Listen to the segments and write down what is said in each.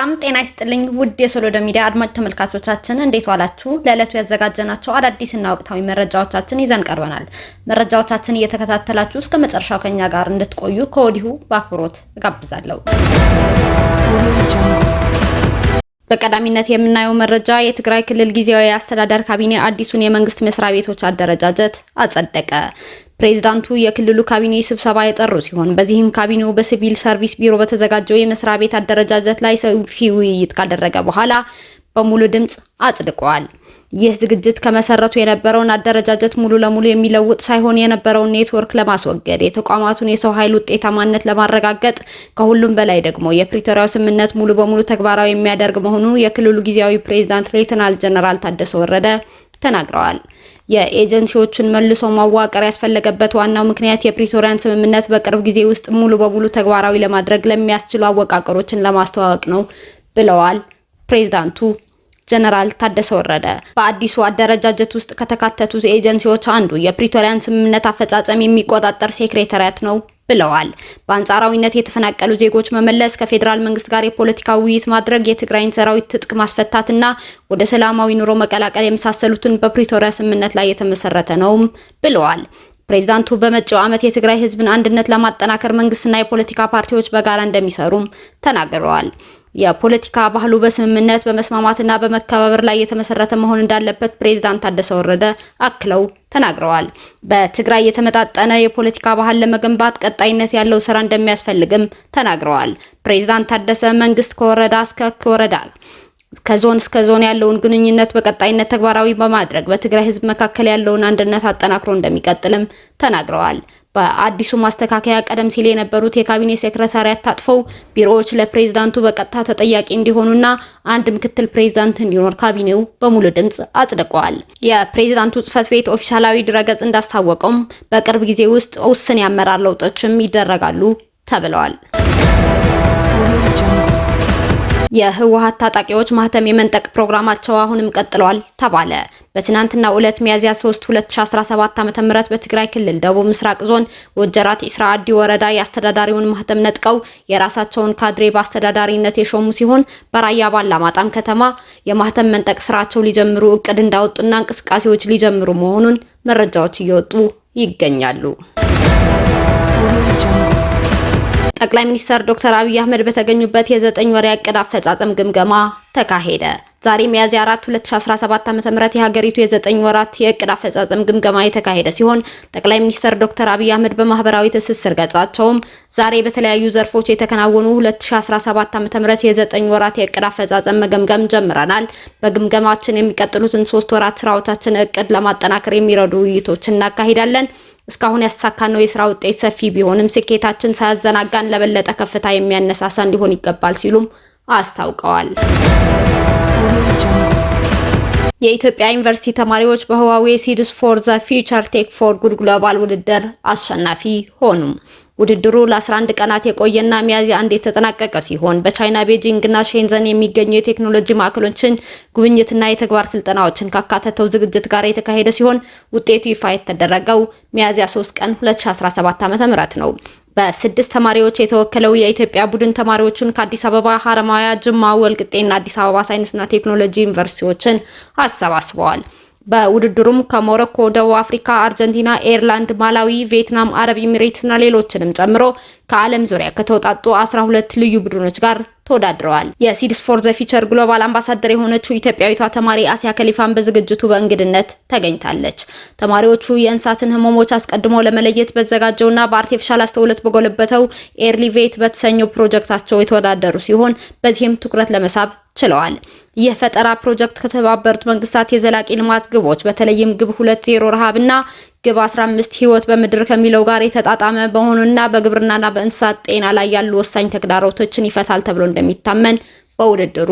ሰላም ጤና ይስጥልኝ ውድ የሶሎዶ ሚዲያ አድማጭ ተመልካቾቻችን እንዴት ዋላችሁ? ለዕለቱ ያዘጋጀናቸው አዳዲስና ወቅታዊ መረጃዎቻችን ይዘን ቀርበናል። መረጃዎቻችን እየተከታተላችሁ እስከ መጨረሻው ከኛ ጋር እንድትቆዩ ከወዲሁ በአክብሮት እጋብዛለሁ። በቀዳሚነት የምናየው መረጃ የትግራይ ክልል ጊዜያዊ አስተዳደር ካቢኔ አዲሱን የመንግስት መስሪያ ቤቶች አደረጃጀት አጸደቀ። ፕሬዚዳንቱ የክልሉ ካቢኔ ስብሰባ የጠሩ ሲሆን በዚህም ካቢኔው በሲቪል ሰርቪስ ቢሮ በተዘጋጀው የመስሪያ ቤት አደረጃጀት ላይ ሰፊ ውይይት ካደረገ በኋላ በሙሉ ድምፅ አጽድቀዋል። ይህ ዝግጅት ከመሰረቱ የነበረውን አደረጃጀት ሙሉ ለሙሉ የሚለውጥ ሳይሆን የነበረውን ኔትወርክ ለማስወገድ የተቋማቱን የሰው ኃይል ውጤታማነት ለማረጋገጥ ከሁሉም በላይ ደግሞ የፕሪቶሪያው ስምምነት ሙሉ በሙሉ ተግባራዊ የሚያደርግ መሆኑ የክልሉ ጊዜያዊ ፕሬዚዳንት ሌተናል ጀነራል ታደሰ ወረደ ተናግረዋል። የኤጀንሲዎቹን መልሶ ማዋቀር ያስፈለገበት ዋናው ምክንያት የፕሪቶሪያን ስምምነት በቅርብ ጊዜ ውስጥ ሙሉ በሙሉ ተግባራዊ ለማድረግ ለሚያስችሉ አወቃቀሮችን ለማስተዋወቅ ነው ብለዋል ፕሬዝዳንቱ። ጀነራል ታደሰ ወረደ በአዲሱ አደረጃጀት ውስጥ ከተካተቱት ኤጀንሲዎች አንዱ የፕሪቶሪያን ስምምነት አፈጻጸም የሚቆጣጠር ሴክሬታሪያት ነው ብለዋል። በአንጻራዊነት የተፈናቀሉ ዜጎች መመለስ፣ ከፌዴራል መንግስት ጋር የፖለቲካ ውይይት ማድረግ፣ የትግራይን ሰራዊት ትጥቅ ማስፈታትና ወደ ሰላማዊ ኑሮ መቀላቀል የመሳሰሉትን በፕሪቶሪያ ስምምነት ላይ የተመሰረተ ነውም ብለዋል። ፕሬዚዳንቱ በመጪው ዓመት የትግራይ ህዝብን አንድነት ለማጠናከር መንግስትና የፖለቲካ ፓርቲዎች በጋራ እንደሚሰሩም ተናግረዋል። የፖለቲካ ባህሉ በስምምነት በመስማማትና በመከባበር ላይ የተመሰረተ መሆን እንዳለበት ፕሬዝዳንት ታደሰ ወረደ አክለው ተናግረዋል። በትግራይ የተመጣጠነ የፖለቲካ ባህል ለመገንባት ቀጣይነት ያለው ስራ እንደሚያስፈልግም ተናግረዋል። ፕሬዝዳንት ታደሰ መንግስት ከወረዳ እስከ ወረዳ ከዞን እስከ ዞን ያለውን ግንኙነት በቀጣይነት ተግባራዊ በማድረግ በትግራይ ህዝብ መካከል ያለውን አንድነት አጠናክሮ እንደሚቀጥልም ተናግረዋል። በአዲሱ ማስተካከያ ቀደም ሲል የነበሩት የካቢኔ ሴክረታሪያት ታጥፈው ቢሮዎች ለፕሬዝዳንቱ በቀጥታ ተጠያቂ እንዲሆኑና አንድ ምክትል ፕሬዝዳንት እንዲኖር ካቢኔው በሙሉ ድምፅ አጽድቀዋል። የፕሬዝዳንቱ ጽህፈት ቤት ኦፊሻላዊ ድረገጽ እንዳስታወቀውም በቅርብ ጊዜ ውስጥ ውስን ያመራር ለውጦችም ይደረጋሉ ተብለዋል። የህወሀት ታጣቂዎች ማህተም የመንጠቅ ፕሮግራማቸው አሁንም ቀጥለዋል ተባለ። በትናንትና ዕለት ሚያዝያ 3 2017 ዓ.ም በትግራይ ክልል ደቡብ ምስራቅ ዞን ወጀራት አዲ ወረዳ የአስተዳዳሪውን ማህተም ነጥቀው የራሳቸውን ካድሬ በአስተዳዳሪነት የሾሙ ሲሆን በራያ ባላማጣም ከተማ የማህተም መንጠቅ ስራቸው ሊጀምሩ እቅድ እንዳወጡና እንቅስቃሴዎች ሊጀምሩ መሆኑን መረጃዎች እየወጡ ይገኛሉ። ጠቅላይ ሚኒስትር ዶክተር አብይ አህመድ በተገኙበት የዘጠኝ ወር እቅድ አፈጻጸም ግምገማ ተካሄደ። ዛሬ ሚያዝያ 4 2017 ዓ.ም የሀገሪቱ የዘጠኝ ወራት የእቅድ አፈጻጸም ግምገማ የተካሄደ ሲሆን ጠቅላይ ሚኒስትር ዶክተር አብይ አህመድ በማህበራዊ ትስስር ገጻቸውም ዛሬ በተለያዩ ዘርፎች የተከናወኑ 2017 ዓ.ም የዘጠኝ ወራት የእቅድ አፈጻጸም መገምገም ጀምረናል። በግምገማችን የሚቀጥሉትን ሶስት ወራት ስራዎቻችን እቅድ ለማጠናከር የሚረዱ ውይይቶች እናካሂዳለን። እስካሁን ያሳካነው የስራ ውጤት ሰፊ ቢሆንም ስኬታችን ሳያዘናጋን ለበለጠ ከፍታ የሚያነሳሳን ሊሆን ይገባል ሲሉም አስታውቀዋል። የኢትዮጵያ ዩኒቨርሲቲ ተማሪዎች በህዋዌ ሲድስ ፎር ዘ ፊውቸር ቴክ ፎር ጉድ ግሎባል ውድድር አሸናፊ ሆኑም። ውድድሩ ለ11 ቀናት የቆየና ሚያዝያ አንድ የተጠናቀቀ ሲሆን በቻይና ቤጂንግና ሼንዘን የሚገኙ የቴክኖሎጂ ማዕከሎችን ጉብኝትና የተግባር ስልጠናዎችን ካካተተው ዝግጅት ጋር የተካሄደ ሲሆን ውጤቱ ይፋ የተደረገው ሚያዝያ 3 ቀን 2017 ዓ.ም ነው። በስድስት ተማሪዎች የተወከለው የኢትዮጵያ ቡድን ተማሪዎቹን ከአዲስ አበባ፣ ሀረማያ፣ ጅማ፣ ወልቅጤና አዲስ አበባ ሳይንስና ቴክኖሎጂ ዩኒቨርሲቲዎችን አሰባስበዋል። በውድድሩም ከሞሮኮ፣ ደቡብ አፍሪካ፣ አርጀንቲና፣ ኤርላንድ፣ ማላዊ፣ ቪየትናም፣ አረብ ኤሚሬትስ እና ሌሎችንም ጨምሮ ከዓለም ዙሪያ ከተውጣጡ 12 ልዩ ቡድኖች ጋር ተወዳድረዋል። የሲድስ ፎር ዘ ፊቸር ግሎባል አምባሳደር የሆነችው ኢትዮጵያዊቷ ተማሪ አሲያ ከሊፋን በዝግጅቱ በእንግድነት ተገኝታለች። ተማሪዎቹ የእንስሳትን ሕመሞች አስቀድሞ ለመለየት በዘጋጀውና በአርቲፊሻል አስተውሎት በጎለበተው ኤርሊቬት በተሰኘው ፕሮጀክታቸው የተወዳደሩ ሲሆን በዚህም ትኩረት ለመሳብ ችለዋል። የፈጠራ ፕሮጀክት ከተባበሩት መንግስታት የዘላቂ ልማት ግቦች በተለይም ግብ ሁለት ዜሮ ረሃብና ግብ 15 ህይወት በምድር ከሚለው ጋር የተጣጣመ በሆኑና በግብርናና በእንስሳት ጤና ላይ ያሉ ወሳኝ ተግዳሮቶችን ይፈታል ተብሎ እንደሚታመን በውድድሩ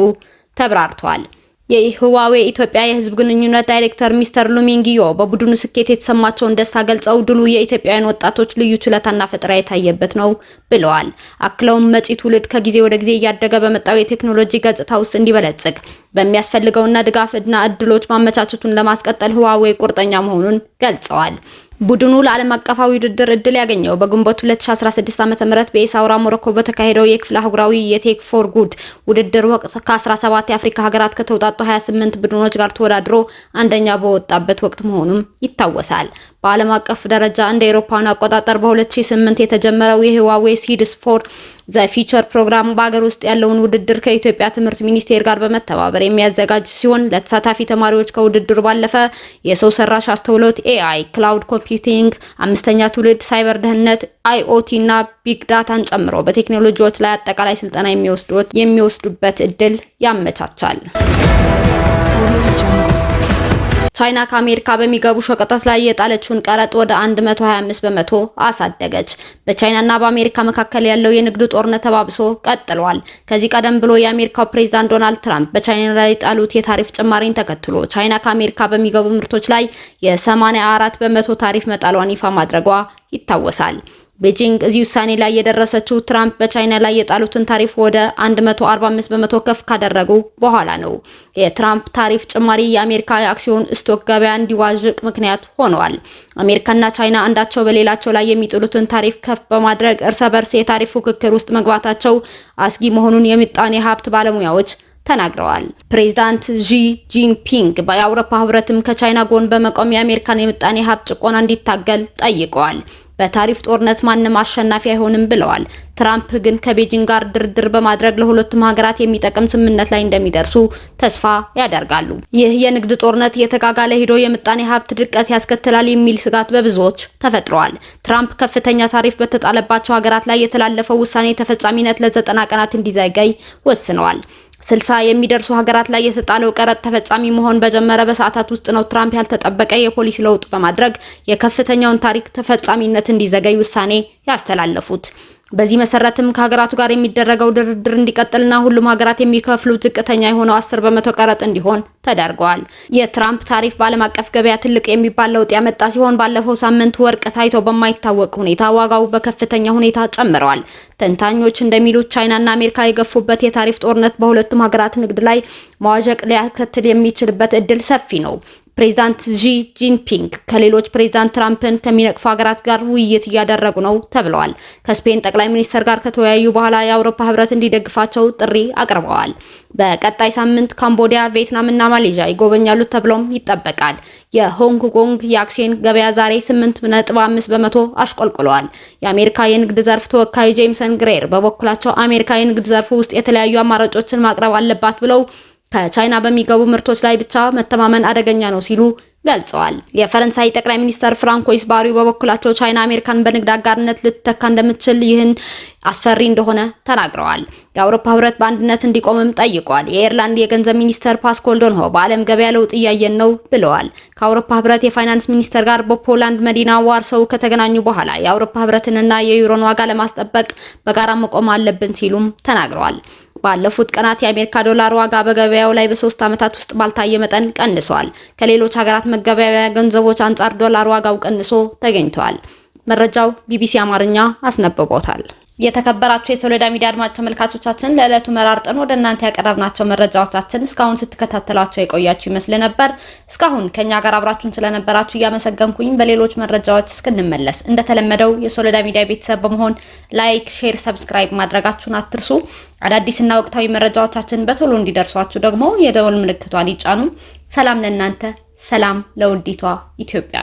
ተብራርቷል። የህዋዌ ኢትዮጵያ የህዝብ ግንኙነት ዳይሬክተር ሚስተር ሉሚንግዮ በቡድኑ ስኬት የተሰማቸውን ደስታ ገልጸው ድሉ የኢትዮጵያውያን ወጣቶች ልዩ ችሎታና ፈጠራ የታየበት ነው ብለዋል። አክለውም መጪ ትውልድ ከጊዜ ወደ ጊዜ እያደገ በመጣው የቴክኖሎጂ ገጽታ ውስጥ እንዲበለጽግ በሚያስፈልገውና ድጋፍና እድሎች ማመቻቸቱን ለማስቀጠል ህዋዌ ቁርጠኛ መሆኑን ገልጸዋል። ቡድኑ ለዓለም አቀፋዊ ውድድር እድል ያገኘው በግንቦት 2016 ም በኢሳውራ ሞሮኮ በተካሄደው የክፍለ አህጉራዊ የቴክ ፎር ጉድ ውድድር ወቅት ከ17 የአፍሪካ ሀገራት ከተውጣጡ 28 ቡድኖች ጋር ተወዳድሮ አንደኛ በወጣበት ወቅት መሆኑም ይታወሳል። በዓለም አቀፍ ደረጃ እንደ አውሮፓውያን አቆጣጠር በ2008 የተጀመረው የህዋዌ ሲድስ ፎር ዘፊቸር ፕሮግራም በሀገር ውስጥ ያለውን ውድድር ከኢትዮጵያ ትምህርት ሚኒስቴር ጋር በመተባበር የሚያዘጋጅ ሲሆን ለተሳታፊ ተማሪዎች ከውድድሩ ባለፈ የሰው ሰራሽ አስተውሎት ኤአይ፣ ክላውድ ኮምፒውቲንግ፣ አምስተኛ ትውልድ ሳይበር ደህንነት፣ አይኦቲ እና ቢግ ዳታን ጨምሮ በቴክኖሎጂዎች ላይ አጠቃላይ ስልጠና የሚወስዱበት እድል ያመቻቻል። ቻይና ከአሜሪካ በሚገቡ ሸቀጦች ላይ የጣለችውን ቀረጥ ወደ 125 በመቶ አሳደገች። በቻይናና በአሜሪካ መካከል ያለው የንግድ ጦርነት ተባብሶ ቀጥሏል። ከዚህ ቀደም ብሎ የአሜሪካው ፕሬዚዳንት ዶናልድ ትራምፕ በቻይና ላይ ጣሉት የታሪፍ ጭማሪን ተከትሎ ቻይና ከአሜሪካ በሚገቡ ምርቶች ላይ የ84 በመቶ ታሪፍ መጣሏን ይፋ ማድረጓ ይታወሳል። ቤጂንግ እዚህ ውሳኔ ላይ የደረሰችው ትራምፕ በቻይና ላይ የጣሉትን ታሪፍ ወደ 145 በመቶ ከፍ ካደረጉ በኋላ ነው። የትራምፕ ታሪፍ ጭማሪ የአሜሪካ የአክሲዮን ስቶክ ገበያ እንዲዋዥቅ ምክንያት ሆነዋል። አሜሪካና ቻይና አንዳቸው በሌላቸው ላይ የሚጥሉትን ታሪፍ ከፍ በማድረግ እርሰ በርስ የታሪፍ ፉክክር ውስጥ መግባታቸው አስጊ መሆኑን የምጣኔ ሀብት ባለሙያዎች ተናግረዋል። ፕሬዚዳንት ዢ ጂንፒንግ በአውሮፓ ህብረትም ከቻይና ጎን በመቆም የአሜሪካን የምጣኔ ሀብት ጭቆና እንዲታገል ጠይቀዋል። በታሪፍ ጦርነት ማንም አሸናፊ አይሆንም ብለዋል። ትራምፕ ግን ከቤጂንግ ጋር ድርድር በማድረግ ለሁለቱም ሀገራት የሚጠቅም ስምምነት ላይ እንደሚደርሱ ተስፋ ያደርጋሉ። ይህ የንግድ ጦርነት እየተጋጋለ ሄዶ የምጣኔ ሀብት ድቀት ያስከትላል የሚል ስጋት በብዙዎች ተፈጥረዋል። ትራምፕ ከፍተኛ ታሪፍ በተጣለባቸው ሀገራት ላይ የተላለፈው ውሳኔ ተፈጻሚነት ለዘጠና ቀናት እንዲዘገይ ወስነዋል። ስልሳ የሚደርሱ ሀገራት ላይ የተጣለው ቀረጥ ተፈጻሚ መሆን በጀመረ በሰዓታት ውስጥ ነው ትራምፕ ያልተጠበቀ የፖሊሲ ለውጥ በማድረግ የከፍተኛውን ታሪክ ተፈጻሚነት እንዲዘገይ ውሳኔ ያስተላለፉት። በዚህ መሰረትም ከሀገራቱ ጋር የሚደረገው ድርድር እንዲቀጥልና ሁሉም ሀገራት የሚከፍሉት ዝቅተኛ የሆነው አስር በመቶ ቀረጥ እንዲሆን ተደርገዋል። የትራምፕ ታሪፍ በዓለም አቀፍ ገበያ ትልቅ የሚባል ለውጥ ያመጣ ሲሆን ባለፈው ሳምንት ወርቅ ታይቶ በማይታወቅ ሁኔታ ዋጋው በከፍተኛ ሁኔታ ጨምረዋል። ተንታኞች እንደሚሉት ቻይናና አሜሪካ የገፉበት የታሪፍ ጦርነት በሁለቱም ሀገራት ንግድ ላይ መዋዠቅ ሊያከትል የሚችልበት እድል ሰፊ ነው። ፕሬዚዳንት ዢ ጂንፒንግ ከሌሎች ፕሬዚዳንት ትራምፕን ከሚነቅፉ ሀገራት ጋር ውይይት እያደረጉ ነው ተብለዋል። ከስፔን ጠቅላይ ሚኒስትር ጋር ከተወያዩ በኋላ የአውሮፓ ህብረት እንዲደግፋቸው ጥሪ አቅርበዋል። በቀጣይ ሳምንት ካምቦዲያ፣ ቪየትናም እና ማሌዥያ ይጎበኛሉ ተብሎም ይጠበቃል። የሆንግ ኮንግ የአክሲዮን ገበያ ዛሬ 8.5 በመቶ አሽቆልቁሏል። የአሜሪካ የንግድ ዘርፍ ተወካይ ጄምሰን ግሬር በበኩላቸው አሜሪካ የንግድ ዘርፉ ውስጥ የተለያዩ አማራጮችን ማቅረብ አለባት ብለው ከቻይና በሚገቡ ምርቶች ላይ ብቻ መተማመን አደገኛ ነው ሲሉ ገልጸዋል። የፈረንሳይ ጠቅላይ ሚኒስተር ፍራንኮይስ ባሪዩ በበኩላቸው ቻይና አሜሪካን በንግድ አጋርነት ልትተካ እንደምትችል ይህን አስፈሪ እንደሆነ ተናግረዋል። የአውሮፓ ህብረት በአንድነት እንዲቆምም ጠይቋል። የአየርላንድ የገንዘብ ሚኒስተር ፓስኮል ዶንሆ በዓለም ገበያ ለውጥ እያየን ነው ብለዋል። ከአውሮፓ ህብረት የፋይናንስ ሚኒስተር ጋር በፖላንድ መዲና ዋርሰው ከተገናኙ በኋላ የአውሮፓ ህብረትንና የዩሮን ዋጋ ለማስጠበቅ በጋራ መቆም አለብን ሲሉም ተናግረዋል። ባለፉት ቀናት የአሜሪካ ዶላር ዋጋ በገበያው ላይ በሶስት ዓመታት ውስጥ ባልታየ መጠን ቀንሷል። ከሌሎች ሀገራት መገበያያ ገንዘቦች አንጻር ዶላር ዋጋው ቀንሶ ተገኝቷል። መረጃው ቢቢሲ አማርኛ አስነብቦታል። የተከበራችሁ የሶሎዳ ሚዲያ አድማጭ ተመልካቾቻችን ለዕለቱ መራርጠን ወደ እናንተ ያቀረብናቸው መረጃዎቻችን እስካሁን ስትከታተላቸው የቆያችሁ ይመስል ነበር። እስካሁን ከኛ ጋር አብራችሁን ስለነበራችሁ እያመሰገንኩኝ በሌሎች መረጃዎች እስክንመለስ እንደተለመደው የሶሎዳ ሚዲያ ቤተሰብ በመሆን ላይክ፣ ሼር፣ ሰብስክራይብ ማድረጋችሁን አትርሱ። አዳዲስና ወቅታዊ መረጃዎቻችን በቶሎ እንዲደርሷችሁ ደግሞ የደወል ምልክቷን ይጫኑ። ሰላም ለእናንተ፣ ሰላም ለውዲቷ ኢትዮጵያ።